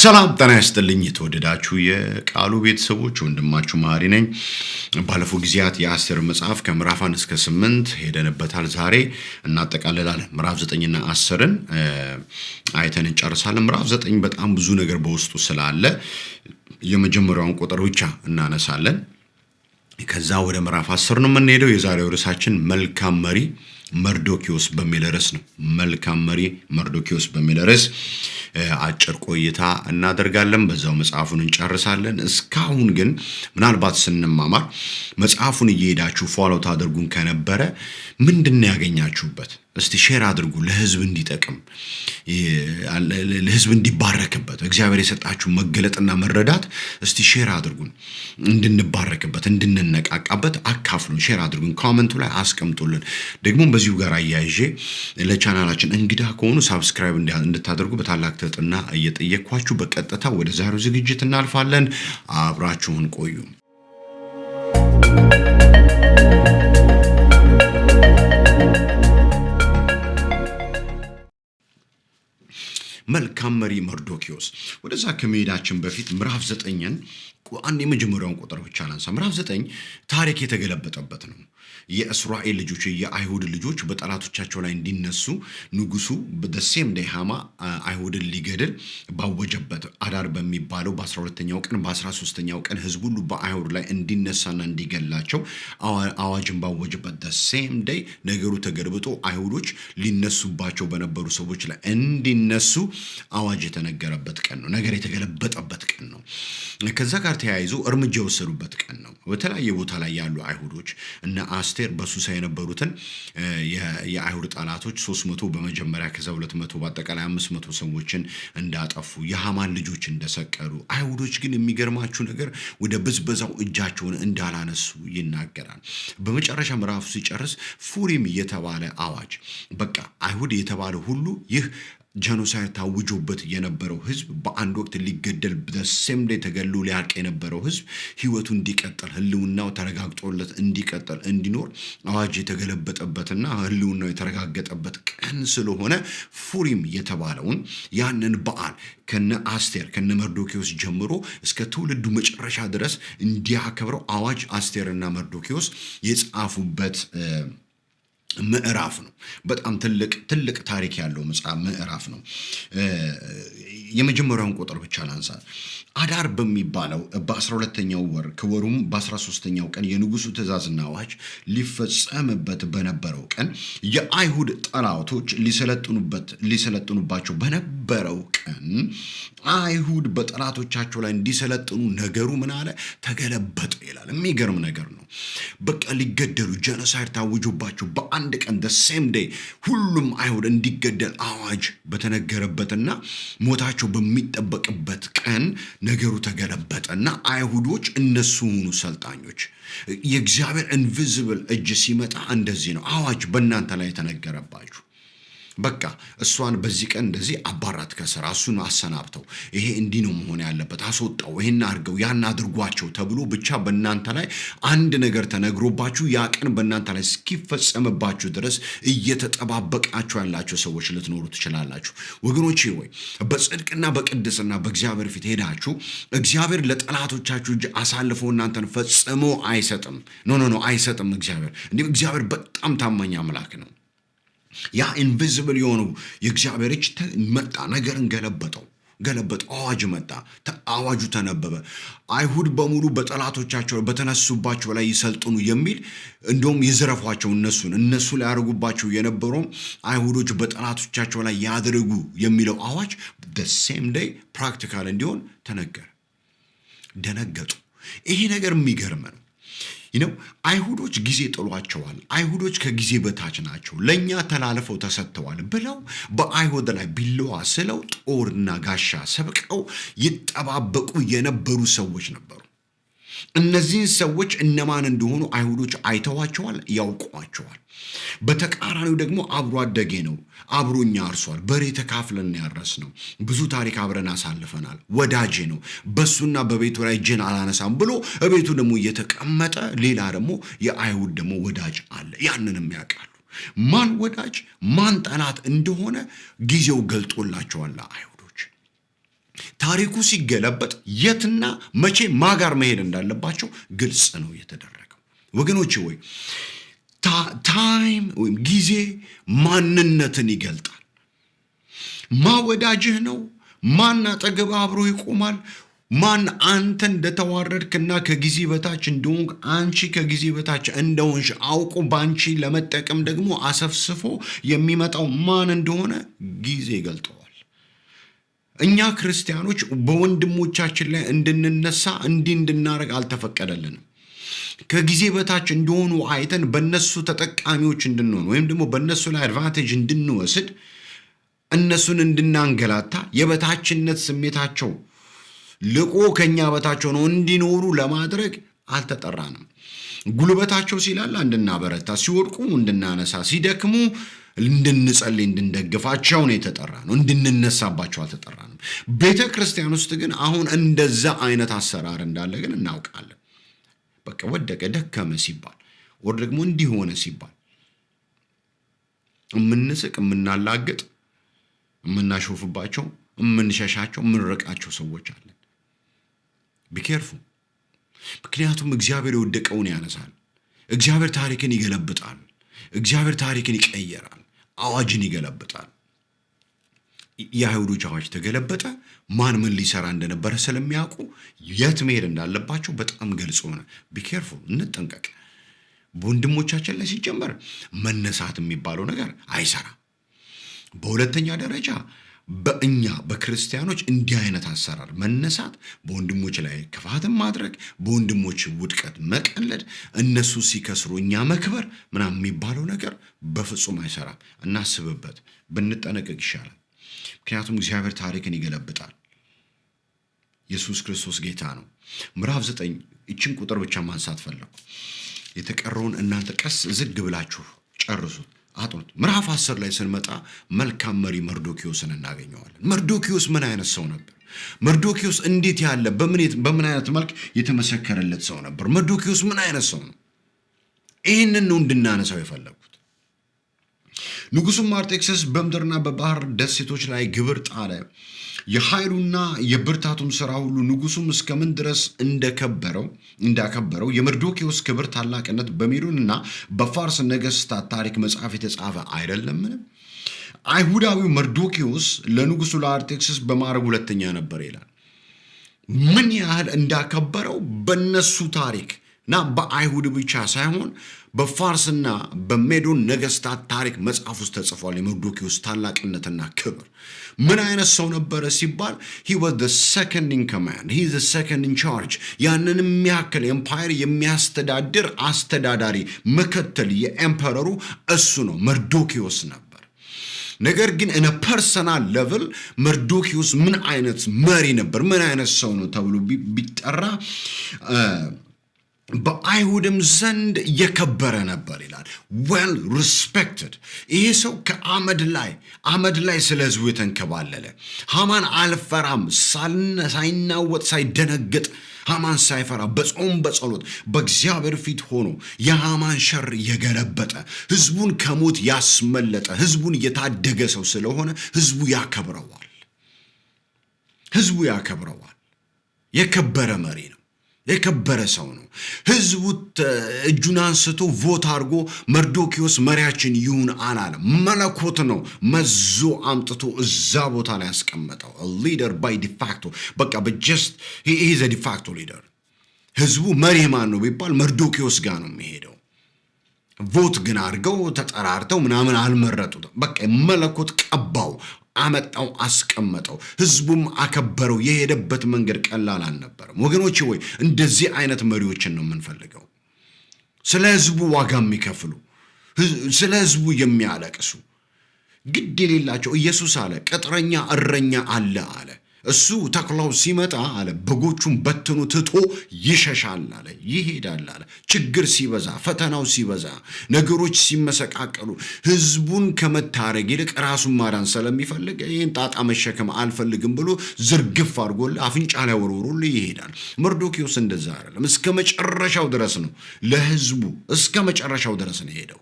ሰላም ጤና ይስጥልኝ። የተወደዳችሁ የቃሉ ቤተሰቦች ወንድማችሁ መሀሪ ነኝ። ባለፉት ጊዜያት የአስር መጽሐፍ ከምዕራፍ አንድ እስከ ስምንት ሄደንበታል። ዛሬ እናጠቃልላለን። ምዕራፍ ዘጠኝና አስርን አይተን እንጨርሳለን። ምዕራፍ ዘጠኝ በጣም ብዙ ነገር በውስጡ ስላለ የመጀመሪያውን ቁጥር ብቻ እናነሳለን። ከዛ ወደ ምዕራፍ አስር ነው የምንሄደው። የዛሬው ርዕሳችን መልካም መሪ መርዶኪዎስ በሚል ርዕስ ነው። መልካም መሪ መርዶኪዎስ በሚል ርዕስ አጭር ቆይታ እናደርጋለን። በዛው መጽሐፉን እንጨርሳለን። እስካሁን ግን ምናልባት ስንማማር መጽሐፉን እየሄዳችሁ ፏሎ ታደርጉን ከነበረ ምንድን ያገኛችሁበት? እስቲ ሼር አድርጉ ለህዝብ እንዲጠቅም ለህዝብ እንዲባረክበት እግዚአብሔር የሰጣችሁ መገለጥና መረዳት እስቲ ሼር አድርጉን፣ እንድንባረክበት እንድንነቃቃበት አካፍሉን፣ ሼር አድርጉን፣ ኮመንቱ ላይ አስቀምጡልን። ደግሞ በዚሁ ጋር አያይዤ ለቻናላችን እንግዳ ከሆኑ ሳብስክራይብ እንድታደርጉ በታላቅ ትህትና እየጠየቅኳችሁ በቀጥታ ወደ ዛሬው ዝግጅት እናልፋለን። አብራችሁን ቆዩ። መልካም መሪ መርዶኪዎስ። ወደዛ ከመሄዳችን በፊት ምዕራፍ ዘጠኝን አንድ የመጀመሪያውን ቁጥር ብቻ ላንሳ። ምዕራፍ ዘጠኝ ታሪክ የተገለበጠበት ነው። የእስራኤል ልጆች የአይሁድ ልጆች በጠላቶቻቸው ላይ እንዲነሱ ንጉሱ በደሴም ደ ሃማ አይሁድን ሊገድል ባወጀበት አዳር በሚባለው በ12ተኛው ቀን በ13ተኛው ቀን ህዝብ ሁሉ በአይሁድ ላይ እንዲነሳና እንዲገላቸው አዋጅን ባወጀበት ደሴም ደይ ነገሩ ተገልብጦ አይሁዶች ሊነሱባቸው በነበሩ ሰዎች ላይ እንዲነሱ አዋጅ የተነገረበት ቀን ነው። ነገር የተገለበጠበት ቀን ነው። ከዛ ጋር ተያይዞ እርምጃ የወሰዱበት ቀን ነው። በተለያየ ቦታ ላይ ያሉ አይሁዶች እነ አስቴር በሱሳ የነበሩትን የአይሁድ ጠላቶች ሶስት መቶ በመጀመሪያ ከዛ ሁለት መቶ በአጠቃላይ አምስት መቶ ሰዎችን እንዳጠፉ የሃማን ልጆች እንደሰቀሉ አይሁዶች ግን የሚገርማችሁ ነገር ወደ ብዝበዛው እጃቸውን እንዳላነሱ ይናገራል። በመጨረሻ ምዕራፉ ሲጨርስ ፉሪም የተባለ አዋጅ በቃ አይሁድ የተባለ ሁሉ ይህ ጀኖሳይድ ታውጆበት የነበረው ህዝብ በአንድ ወቅት ሊገደል ላይ ተገሎ ሊያልቅ የነበረው ህዝብ ህይወቱ እንዲቀጥል ህልውናው ተረጋግጦለት እንዲቀጥል እንዲኖር አዋጅ የተገለበጠበትና ህልውናው የተረጋገጠበት ቀን ስለሆነ ፉሪም የተባለውን ያንን በዓል ከነ አስቴር ከነ መርዶኪዎስ ጀምሮ እስከ ትውልዱ መጨረሻ ድረስ እንዲያከብረው አዋጅ አስቴርና መርዶኪዎስ የጻፉበት ምዕራፍ ነው። በጣም ትልቅ ትልቅ ታሪክ ያለው መጽሐፍ ምዕራፍ ነው። የመጀመሪያውን ቁጥር ብቻ ላንሳ። አዳር በሚባለው በ 12 ተኛው ወር ከወሩም 13 ተኛው ቀን የንጉሱ ትእዛዝና አዋጅ ሊፈጸምበት በነበረው ቀን የአይሁድ ጠላቶች ሊሰለጥኑበት ሊሰለጥኑባቸው በነበረው ቀን አይሁድ በጠላቶቻቸው ላይ እንዲሰለጥኑ ነገሩ ምን አለ ተገለበጠ ይላል። የሚገርም ነገር ነው። በቃ ሊገደሉ ጀነሳይድ ታውጆባቸው በአንድ ቀን ሴም ዴይ ሁሉም አይሁድ እንዲገደል አዋጅ በተነገረበትና ሞታቸው በሚጠበቅበት ቀን ነገሩ ተገለበጠና አይሁዶች እነሱ ሆኑ ሰልጣኞች። የእግዚአብሔር ኢንቪዚብል እጅ ሲመጣ እንደዚህ ነው። አዋጅ በእናንተ ላይ የተነገረባችሁ በቃ እሷን በዚህ ቀን እንደዚህ አባራት ከስራ እሱን አሰናብተው፣ ይሄ እንዲህ ነው መሆን ያለበት፣ አስወጣው፣ ይሄን አድርገው፣ ያን አድርጓቸው ተብሎ ብቻ በእናንተ ላይ አንድ ነገር ተነግሮባችሁ ያ ቀን በእናንተ ላይ እስኪፈጸምባችሁ ድረስ እየተጠባበቃችሁ ያላቸው ሰዎች ልትኖሩ ትችላላችሁ። ወገኖቼ ወይ በጽድቅና በቅድስና በእግዚአብሔር ፊት ሄዳችሁ እግዚአብሔር ለጠላቶቻችሁ እጅ አሳልፎ እናንተን ፈጽሞ አይሰጥም። ኖ ኖ ኖ አይሰጥም። እግዚአብሔር እንዲሁም እግዚአብሔር በጣም ታማኝ አምላክ ነው። ያ ኢንቪዚብል የሆኑ የእግዚአብሔር እጅ መጣ፣ ነገርን ገለበጠው ገለበጥ አዋጅ መጣ። አዋጁ ተነበበ። አይሁድ በሙሉ በጠላቶቻቸው በተነሱባቸው ላይ ይሰልጥኑ የሚል እንዲሁም ይዝረፏቸው፣ እነሱን እነሱ ላይ የነበረውም አይሁዶች በጠላቶቻቸው ላይ ያድርጉ የሚለው አዋጅ ደሴም ደይ ፕራክቲካል እንዲሆን ተነገረ። ደነገጡ። ይሄ ነገር የሚገርም ነው። ይነው አይሁዶች ጊዜ ጥሏቸዋል፣ አይሁዶች ከጊዜ በታች ናቸው፣ ለእኛ ተላልፈው ተሰጥተዋል ብለው በአይሁድ ላይ ቢለዋ ስለው ጦርና ጋሻ ሰብቀው ይጠባበቁ የነበሩ ሰዎች ነበሩ። እነዚህን ሰዎች እነማን እንደሆኑ አይሁዶች አይተዋቸዋል፣ ያውቋቸዋል። በተቃራኒው ደግሞ አብሮ አደጌ ነው፣ አብሮኛ አርሷል፣ በሬ ተካፍለን ያረስ ነው፣ ብዙ ታሪክ አብረን አሳልፈናል፣ ወዳጄ ነው፣ በሱና በቤቱ ላይ እጄን አላነሳም ብሎ እቤቱ ደግሞ እየተቀመጠ ሌላ ደግሞ የአይሁድ ደግሞ ወዳጅ አለ። ያንንም ያውቃሉ። ማን ወዳጅ ማን ጠላት እንደሆነ ጊዜው ገልጦላቸዋል። ታሪኩ ሲገለበጥ የትና መቼ ማጋር መሄድ እንዳለባቸው ግልጽ ነው የተደረገው። ወገኖች ወይ ታይም ወይም ጊዜ ማንነትን ይገልጣል። ማ ወዳጅህ ነው? ማን አጠገብ አብሮ ይቆማል? ማን አንተ እንደተዋረድክና ከጊዜ በታች እንደሆንክ አንቺ ከጊዜ በታች እንደሆንሽ አውቁ በአንቺ ለመጠቀም ደግሞ አሰፍስፎ የሚመጣው ማን እንደሆነ ጊዜ ይገልጠዋል። እኛ ክርስቲያኖች በወንድሞቻችን ላይ እንድንነሳ እንዲህ እንድናደርግ አልተፈቀደልንም። ከጊዜ በታች እንደሆኑ አይተን በነሱ ተጠቃሚዎች እንድንሆን ወይም ደግሞ በነሱ ላይ አድቫንቴጅ እንድንወስድ እነሱን እንድናንገላታ የበታችነት ስሜታቸው ልቆ ከኛ በታቸው ነው እንዲኖሩ ለማድረግ አልተጠራንም። ጉልበታቸው ሲላላ እንድናበረታ፣ ሲወድቁ እንድናነሳ፣ ሲደክሙ እንድንጸልይ እንድንደግፋቸው ነው የተጠራ ነው። እንድንነሳባቸው አልተጠራንም። ቤተ ክርስቲያን ውስጥ ግን አሁን እንደዛ አይነት አሰራር እንዳለ ግን እናውቃለን። በቃ ወደቀ ደከመ ሲባል ወር ደግሞ እንዲሆነ ሲባል የምንስቅ የምናላግጥ፣ የምናሾፍባቸው፣ የምንሸሻቸው፣ የምንርቃቸው ሰዎች አለን። ቢኬርፉ ምክንያቱም እግዚአብሔር የወደቀውን ያነሳል። እግዚአብሔር ታሪክን ይገለብጣል። እግዚአብሔር ታሪክን ይቀየራል። አዋጅን ይገለብጣል። የአይሁዶች አዋጅ ተገለበጠ። ማን ምን ሊሰራ እንደነበረ ስለሚያውቁ የት መሄድ እንዳለባቸው በጣም ገልጾ ሆነ። ቢኬርፉል እንጠንቀቅ። በወንድሞቻችን ላይ ሲጀመር መነሳት የሚባለው ነገር አይሰራም። በሁለተኛ ደረጃ በእኛ በክርስቲያኖች እንዲህ አይነት አሰራር መነሳት በወንድሞች ላይ ክፋትን ማድረግ፣ በወንድሞች ውድቀት መቀለድ፣ እነሱ ሲከስሩ እኛ መክበር ምናምን የሚባለው ነገር በፍጹም አይሰራም። እናስብበት፣ ብንጠነቀቅ ይሻላል። ምክንያቱም እግዚአብሔር ታሪክን ይገለብጣል። ኢየሱስ ክርስቶስ ጌታ ነው። ምዕራፍ ዘጠኝ ይችን ቁጥር ብቻ ማንሳት ፈለኩ። የተቀረውን እናንተ ቀስ ዝግ ብላችሁ ጨርሱት። አጥኑት። ምዕራፍ አስር ላይ ስንመጣ መልካም መሪ መርዶኪዮስን እናገኘዋለን። መርዶኪዮስ ምን አይነት ሰው ነበር? መርዶኪዮስ እንዴት ያለ በምን አይነት መልክ የተመሰከረለት ሰው ነበር? መርዶኪዮስ ምን አይነት ሰው ነው? ይህንን ነው እንድናነሳው የፈለጉት። ንጉሡም አርጤክስስ በምድርና በባህር ደሴቶች ላይ ግብር ጣለ። የኃይሉና የብርታቱም ሥራ ሁሉ ንጉሱም እስከምን ድረስ እንደከበረው እንዳከበረው የመርዶኪዎስ ክብር ታላቅነት በሜዶንና በፋርስ ነገሥታት ታሪክ መጽሐፍ የተጻፈ አይደለምን? አይሁዳዊው መርዶኪዎስ ለንጉሱ ለአርጤክስስ በማዕረግ ሁለተኛ ነበር ይላል። ምን ያህል እንዳከበረው በነሱ ታሪክ እና በአይሁድ ብቻ ሳይሆን በፋርስና በሜዶን ነገስታት ታሪክ መጽሐፍ ውስጥ ተጽፏል። የመርዶኪዎስ ታላቅነትና ክብር ምን አይነት ሰው ነበረ ሲባል ሂ ወዝ ሰከንድ ኢን ኮማንድ ሂ ዘ ሰከንድ ኢን ቻርጅ። ያንን የሚያክል ኤምፓየር የሚያስተዳድር አስተዳዳሪ ምክትል የኤምፐረሩ እሱ ነው መርዶኪዎስ ነበር። ነገር ግን እነ ፐርሰናል ሌቭል መርዶኪዎስ ምን አይነት መሪ ነበር፣ ምን አይነት ሰው ነው ተብሎ ቢጠራ በአይሁድም ዘንድ የከበረ ነበር ይላል። ዌል ሪስፔክትድ። ይሄ ሰው ከአመድ ላይ አመድ ላይ ስለ ህዝቡ የተንከባለለ ሃማን አልፈራም ሳይናወጥ ሳይደነግጥ ሃማን ሳይፈራ በጾም በጸሎት በእግዚአብሔር ፊት ሆኖ የሃማን ሸር የገለበጠ ህዝቡን ከሞት ያስመለጠ ህዝቡን የታደገ ሰው ስለሆነ ህዝቡ ያከብረዋል። ህዝቡ ያከብረዋል። የከበረ መሪ ነው። የከበረ ሰው ነው። ህዝቡ እጁን አንስቶ ቮት አድርጎ መርዶኪዎስ መሪያችን ይሁን አላለ። መለኮት ነው መዞ አምጥቶ እዛ ቦታ ላይ ያስቀመጠው። ሊደር ባይ ዲፋክቶ በቃ በጀስት ዘ ዲፋክቶ ሊደር። ህዝቡ መሪ ማን ነው ቢባል መርዶኪዎስ ጋር ነው የሚሄደው። ቮት ግን አድርገው ተጠራርተው ምናምን አልመረጡትም። በቃ መለኮት ቀባው አመጣው፣ አስቀመጠው። ህዝቡም አከበረው። የሄደበት መንገድ ቀላል አልነበረም። ወገኖች ወይ እንደዚህ አይነት መሪዎችን ነው የምንፈልገው። ስለ ህዝቡ ዋጋ የሚከፍሉ ስለ ህዝቡ የሚያለቅሱ ግድ የሌላቸው። ኢየሱስ አለ ቅጥረኛ እረኛ አለ አለ እሱ ተኩላው ሲመጣ አለ በጎቹን በትኑ ትቶ ይሸሻል አለ ይሄዳል አለ። ችግር ሲበዛ፣ ፈተናው ሲበዛ፣ ነገሮች ሲመሰቃቀሉ ህዝቡን ከመታረግ ይልቅ ራሱን ማዳን ስለሚፈልግ ይህን ጣጣ መሸከም አልፈልግም ብሎ ዝርግፍ አድርጎል አፍንጫ ላይ ወርውሮልህ ይሄዳል። መርዶኪዎስ እንደዛ አይደለም። እስከ መጨረሻው ድረስ ነው ለህዝቡ እስከ መጨረሻው ድረስ ነው ሄደው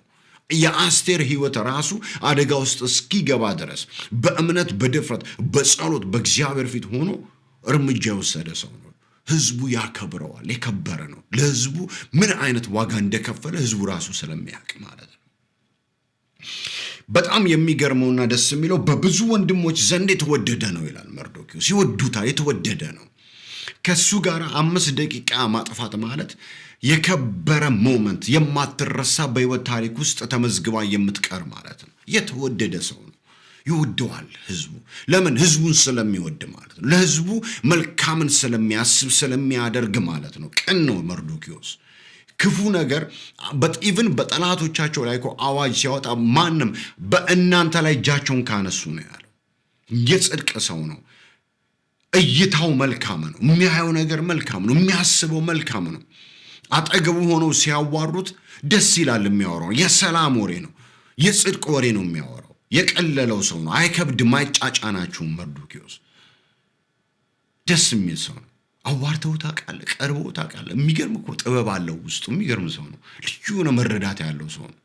የአስቴር ህይወት ራሱ አደጋ ውስጥ እስኪገባ ድረስ በእምነት በድፍረት በጸሎት በእግዚአብሔር ፊት ሆኖ እርምጃ የወሰደ ሰው ነው። ህዝቡ ያከብረዋል። የከበረ ነው። ለህዝቡ ምን አይነት ዋጋ እንደከፈለ ህዝቡ ራሱ ስለሚያውቅ ማለት ነው። በጣም የሚገርመውና ደስ የሚለው በብዙ ወንድሞች ዘንድ የተወደደ ነው ይላል መርዶኪዎስ። ይወዱታል፣ የተወደደ ነው። ከሱ ጋር አምስት ደቂቃ ማጥፋት ማለት የከበረ ሞመንት የማትረሳ በህይወት ታሪክ ውስጥ ተመዝግባ የምትቀር ማለት ነው። የተወደደ ሰው ነው። ይወደዋል ህዝቡ። ለምን? ህዝቡን ስለሚወድ ማለት ነው። ለህዝቡ መልካምን ስለሚያስብ ስለሚያደርግ ማለት ነው። ቅን ነው መርዶኪዎስ። ክፉ ነገር ኢቭን በጠላቶቻቸው ላይ እኮ አዋጅ ሲያወጣ ማንም በእናንተ ላይ እጃቸውን ካነሱ ነው ያለው። የጽድቅ ሰው ነው። እይታው መልካም ነው። የሚያየው ነገር መልካም ነው። የሚያስበው መልካም ነው። አጠገቡ ሆነው ሲያዋሩት ደስ ይላል። የሚያወራው የሰላም ወሬ ነው፣ የጽድቅ ወሬ ነው የሚያወራው። የቀለለው ሰው ነው፣ አይከብድም፣ አይጫጫናችሁም። መርዶኪዎስ ደስ የሚል ሰው ነው። አዋርተው ታውቃለህ፣ ቀርበው ታውቃለህ። የሚገርም እኮ ጥበብ አለው ውስጡ፣ የሚገርም ሰው ነው። ልዩ የሆነ መረዳት ያለው ሰው ነው።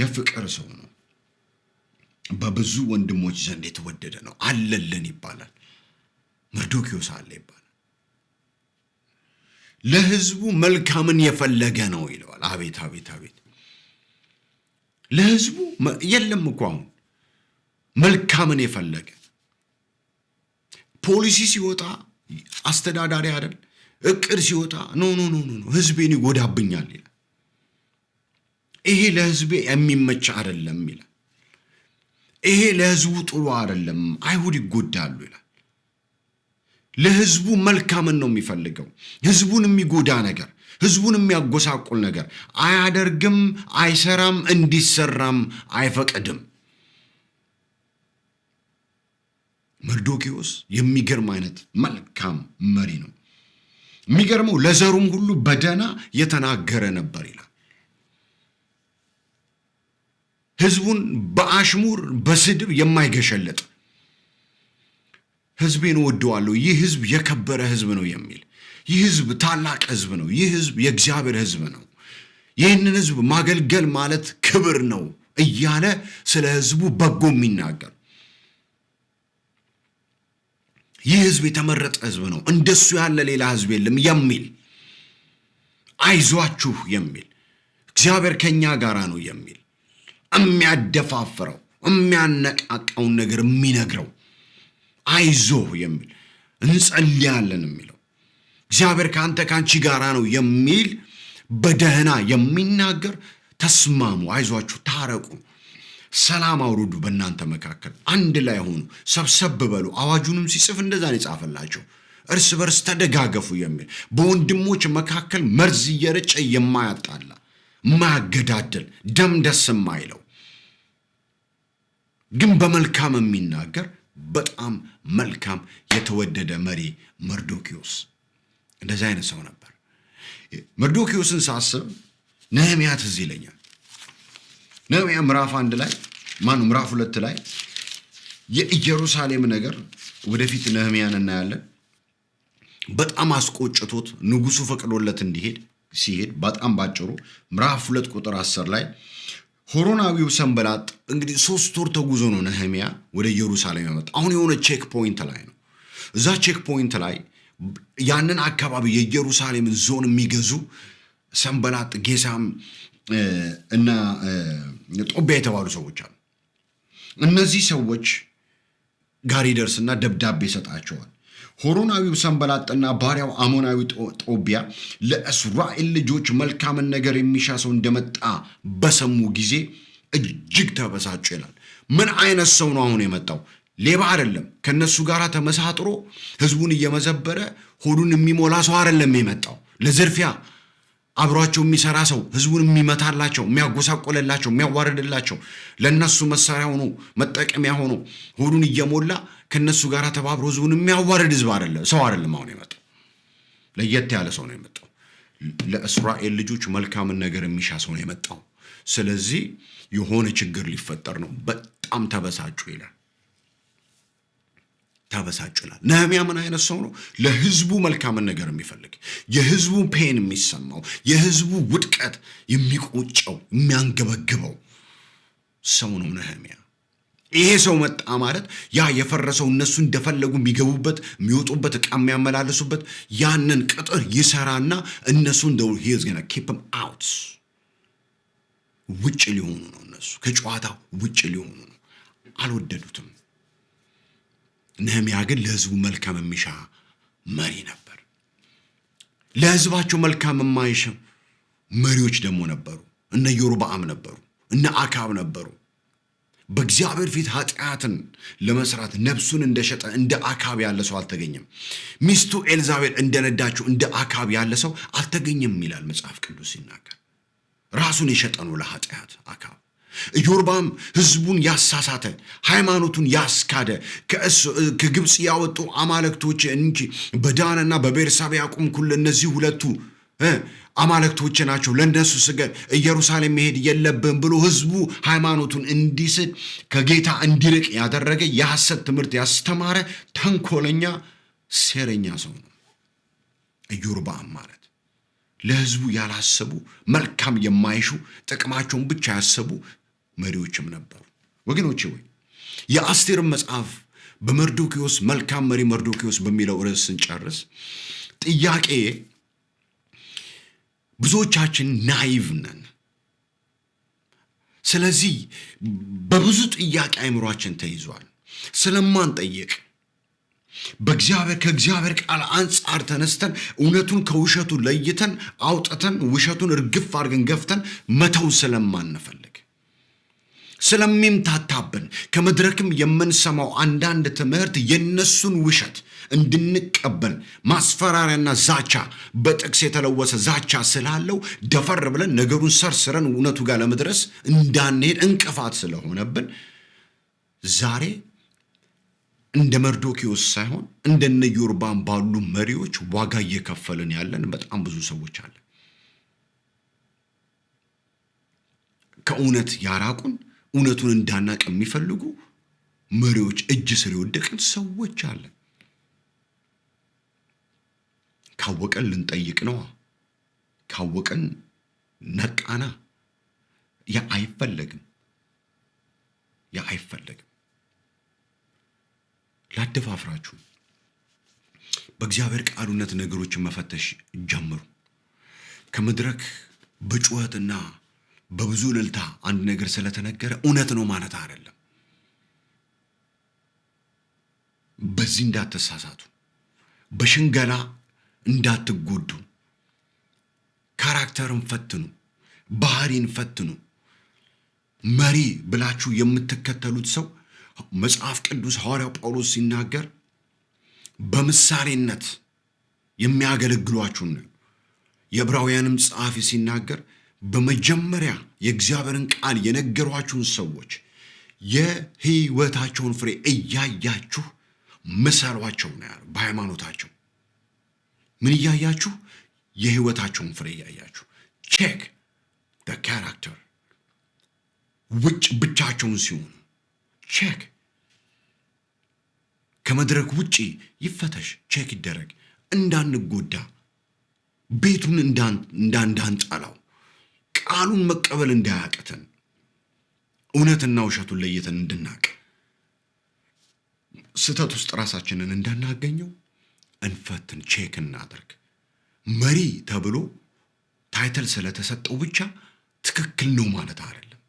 የፍቅር ሰው ነው። በብዙ ወንድሞች ዘንድ የተወደደ ነው። አለለን ይባላል። መርዶኪዎስ አለ ይባላል። ለህዝቡ መልካምን የፈለገ ነው ይለዋል። አቤት አቤት አቤት! ለህዝቡ የለም እኮ አሁን መልካምን የፈለገ ፖሊሲ ሲወጣ አስተዳዳሪ አይደል እቅድ ሲወጣ ኖ ኖ ኖ ኖ ህዝቤን ይጎዳብኛል ይላል። ይሄ ለህዝቤ የሚመች አይደለም ይላል። ይሄ ለህዝቡ ጥሩ አይደለም፣ አይሁድ ይጎዳሉ ይላል። ለህዝቡ መልካምን ነው የሚፈልገው። ህዝቡን የሚጎዳ ነገር፣ ህዝቡን የሚያጎሳቁል ነገር አያደርግም፣ አይሰራም፣ እንዲሰራም አይፈቅድም። መርዶኪዎስ የሚገርም አይነት መልካም መሪ ነው። የሚገርመው ለዘሩም ሁሉ በደና የተናገረ ነበር ይላል። ህዝቡን በአሽሙር በስድብ የማይገሸለጥ ህዝቤን ወደዋለሁ፣ ይህ ህዝብ የከበረ ህዝብ ነው የሚል ይህ ህዝብ ታላቅ ህዝብ ነው፣ ይህ ህዝብ የእግዚአብሔር ህዝብ ነው፣ ይህንን ህዝብ ማገልገል ማለት ክብር ነው እያለ ስለ ህዝቡ በጎ የሚናገር ይህ ህዝብ የተመረጠ ህዝብ ነው፣ እንደሱ ያለ ሌላ ህዝብ የለም የሚል አይዟችሁ የሚል እግዚአብሔር ከኛ ጋር ነው የሚል የሚያደፋፍረው የሚያነቃቃውን ነገር የሚነግረው አይዞ የሚል እንጸልያለን የሚለው እግዚአብሔር ከአንተ ከአንቺ ጋራ ነው የሚል በደህና የሚናገር ተስማሙ፣ አይዟችሁ፣ ታረቁ፣ ሰላም አውርዱ፣ በእናንተ መካከል አንድ ላይ ሆኑ፣ ሰብሰብ በሉ። አዋጁንም ሲጽፍ እንደዛ ነው የጻፈላቸው። እርስ በርስ ተደጋገፉ የሚል በወንድሞች መካከል መርዝ እየረጨ የማያጣላ የማያገዳደል ደም ደስ የማይለው ግን በመልካም የሚናገር በጣም መልካም የተወደደ መሪ መርዶኪዎስ እንደዚህ አይነት ሰው ነበር። መርዶኪዎስን ሳስብ ነህምያ ትዝ ይለኛል። ነህምያ ምዕራፍ አንድ ላይ ማኑ ምዕራፍ ሁለት ላይ የኢየሩሳሌም ነገር ወደፊት ነህምያን እናያለን። በጣም አስቆጭቶት ንጉሱ ፈቅዶለት እንዲሄድ ሲሄድ በጣም ባጭሩ ምዕራፍ ሁለት ቁጥር አስር ላይ ሆሮናዊው ሰንበላጥ እንግዲህ ሶስት ወር ተጉዞ ነው ነህሚያ ወደ ኢየሩሳሌም ያመጣ። አሁን የሆነ ቼክ ፖይንት ላይ ነው። እዛ ቼክ ፖይንት ላይ ያንን አካባቢ የኢየሩሳሌምን ዞን የሚገዙ ሰንበላጥ፣ ጌሳም እና ጦቢያ የተባሉ ሰዎች አሉ። እነዚህ ሰዎች ጋር ይደርስና ደብዳቤ ይሰጣቸዋል። ሆሮናዊው ሰንበላጥና ባሪያው አሞናዊ ጦቢያ ለእስራኤል ልጆች መልካምን ነገር የሚሻ ሰው እንደመጣ በሰሙ ጊዜ እጅግ ተበሳጩ ይላል። ምን አይነት ሰው ነው አሁን የመጣው? ሌባ አይደለም። ከነሱ ጋር ተመሳጥሮ ህዝቡን እየመዘበረ ሆዱን የሚሞላ ሰው አይደለም የመጣው ለዝርፊያ አብሯቸው የሚሰራ ሰው ህዝቡን የሚመታላቸው፣ የሚያጎሳቆለላቸው፣ የሚያዋርድላቸው ለእነሱ መሳሪያ ሆኖ መጠቀሚያ ሆኖ ሆዱን እየሞላ ከእነሱ ጋር ተባብሮ ህዝቡን የሚያዋርድ ህዝብ አለ ሰው አይደለም። አሁን የመጣው ለየት ያለ ሰው ነው የመጣው። ለእስራኤል ልጆች መልካምን ነገር የሚሻ ሰው ነው የመጣው። ስለዚህ የሆነ ችግር ሊፈጠር ነው። በጣም ተበሳጩ ይላል። ታበሳጭላል። ነህሚያ ምን አይነት ሰው ነው? ለህዝቡ መልካምን ነገር የሚፈልግ የህዝቡ ፔን የሚሰማው የህዝቡ ውድቀት የሚቆጨው የሚያንገበግበው ሰው ነው ነህሚያ። ይሄ ሰው መጣ ማለት ያ የፈረሰው እነሱ እንደፈለጉ የሚገቡበት የሚወጡበት እቃ የሚያመላልሱበት ያንን ቅጥር ይሰራና እነሱ እንደ ገና አውት ውጭ ሊሆኑ ነው እነሱ ከጨዋታ ውጭ ሊሆኑ ነው። አልወደዱትም። ነህምያ ግን ለህዝቡ መልካም የሚሻ መሪ ነበር። ለህዝባቸው መልካም የማይሻ መሪዎች ደግሞ ነበሩ። እነ ዮሩባአም ነበሩ፣ እነ አካብ ነበሩ። በእግዚአብሔር ፊት ኃጢአትን ለመስራት ነፍሱን እንደሸጠ እንደ አካብ ያለ ሰው አልተገኘም። ሚስቱ ኤልዛቤል እንደነዳችው እንደ አካብ ያለ ሰው አልተገኘም ይላል መጽሐፍ ቅዱስ ሲናገር ራሱን የሸጠ ነው ለኃጢአት አካብ። ኢዮርባም ህዝቡን ያሳሳተ፣ ሃይማኖቱን ያስካደ፣ ከግብፅ ያወጡ አማልክቶች እንጂ በዳንና በቤርሳቤ ያቆምኩል እነዚህ ሁለቱ አማልክቶች ናቸው፣ ለእነሱ ስገድ፣ ኢየሩሳሌም መሄድ የለብን ብሎ ህዝቡ ሃይማኖቱን እንዲስድ ከጌታ እንዲርቅ ያደረገ የሐሰት ትምህርት ያስተማረ ተንኮለኛ ሴረኛ ሰው ነው ኢዮርባም ማለት። ለህዝቡ ያላሰቡ መልካም የማይሹ ጥቅማቸውን ብቻ ያሰቡ መሪዎችም ነበሩ። ወገኖቼ ወይ የአስቴርን መጽሐፍ በመርዶኪዎስ መልካም መሪ መርዶኪዎስ በሚለው ርዕስ ስንጨርስ ጥያቄ ብዙዎቻችን ናይቭ ነን። ስለዚህ በብዙ ጥያቄ አይምሯችን ተይዟል። ስለማንጠየቅ በእግዚአብሔር ከእግዚአብሔር ቃል አንጻር ተነስተን እውነቱን ከውሸቱ ለይተን አውጥተን ውሸቱን እርግፍ አድርገን ገፍተን መተው ስለማንፈልግ ስለሚምታታብን ከመድረክም የምንሰማው አንዳንድ ትምህርት የነሱን ውሸት እንድንቀበል ማስፈራሪያና ዛቻ በጥቅስ የተለወሰ ዛቻ ስላለው ደፈር ብለን ነገሩን ሰርስረን እውነቱ ጋር ለመድረስ እንዳንሄድ እንቅፋት ስለሆነብን ዛሬ እንደ መርዶኪዎስ ሳይሆን እንደነ ኢዮርብዓም ባሉ መሪዎች ዋጋ እየከፈልን ያለን በጣም ብዙ ሰዎች አለን። ከእውነት ያራቁን እውነቱን እንዳናቅ የሚፈልጉ መሪዎች እጅ ስር የወደቅን ሰዎች አለ። ካወቀን ልንጠይቅ ነዋ። ካወቀን ነቃና። ያ አይፈለግም፣ ያ አይፈለግም። ላደፋፍራችሁ በእግዚአብሔር ቃሉነት ነገሮችን መፈተሽ ጀምሩ። ከመድረክ በጩኸትና በብዙ ልልታ አንድ ነገር ስለተነገረ እውነት ነው ማለት አይደለም። በዚህ እንዳትሳሳቱ፣ በሽንገላ እንዳትጎዱ፣ ካራክተርን ፈትኑ፣ ባህሪን ፈትኑ። መሪ ብላችሁ የምትከተሉት ሰው መጽሐፍ ቅዱስ ሐዋርያው ጳውሎስ ሲናገር በምሳሌነት የሚያገለግሏችሁን የዕብራውያንም ጸሐፊ ሲናገር በመጀመሪያ የእግዚአብሔርን ቃል የነገሯችሁን ሰዎች የህይወታቸውን ፍሬ እያያችሁ መሰሏቸው ነው ያለው። በሃይማኖታቸው ምን እያያችሁ? የህይወታቸውን ፍሬ እያያችሁ። ቼክ ካራክተር ውጭ ብቻቸውን ሲሆኑ ቼክ ከመድረክ ውጪ ይፈተሽ፣ ቼክ ይደረግ፣ እንዳንጎዳ ቤቱን እንዳንዳንጣላው ቃሉን መቀበል እንዳያቅተን እውነትና ውሸቱን ለይተን እንድናቅ ስህተት ውስጥ ራሳችንን እንዳናገኘው እንፈትን፣ ቼክ እናድርግ። መሪ ተብሎ ታይትል ስለተሰጠው ብቻ ትክክል ነው ማለት አይደለም።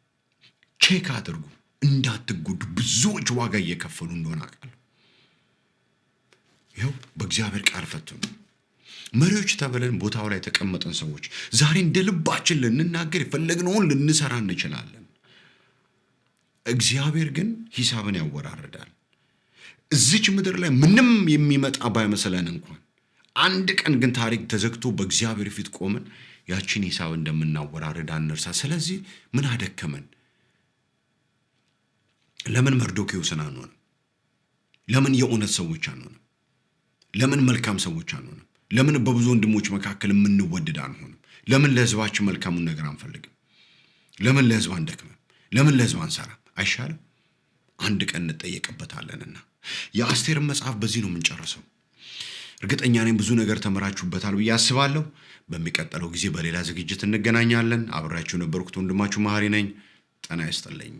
ቼክ አድርጉ እንዳትጎዱ። ብዙዎች ዋጋ እየከፈሉ እንደሆነ አውቃለሁ። ይኸው በእግዚአብሔር ቃል ፈትኑ። መሪዎች ተብለን ቦታው ላይ የተቀመጠን ሰዎች ዛሬ እንደ ልባችን ልንናገር የፈለግነውን ልንሰራ እንችላለን። እግዚአብሔር ግን ሂሳብን ያወራርዳል። እዚች ምድር ላይ ምንም የሚመጣ ባይመስለን እንኳን አንድ ቀን ግን ታሪክ ተዘግቶ በእግዚአብሔር ፊት ቆመን ያችን ሂሳብ እንደምናወራርድ አንርሳ። ስለዚህ ምን አደከመን? ለምን መርዶክዮስን አንሆንም? ለምን የእውነት ሰዎች አንሆንም? ለምን መልካም ሰዎች አንሆንም? ለምን በብዙ ወንድሞች መካከል የምንወደድ አንሆንም? ለምን ለህዝባችን መልካሙን ነገር አንፈልግም? ለምን ለህዝብ አንደክምም? ለምን ለህዝብ አንሰራም? አይሻልም? አንድ ቀን እንጠየቅበታለንና የአስቴርን መጽሐፍ በዚህ ነው የምንጨርሰው። እርግጠኛ ነኝ ብዙ ነገር ተምራችሁበታል ብዬ አስባለሁ። በሚቀጥለው ጊዜ በሌላ ዝግጅት እንገናኛለን። አብሬያችሁ ነበርኩት ወንድማችሁ መሀሪ ነኝ። ጤና ይስጥልኝ።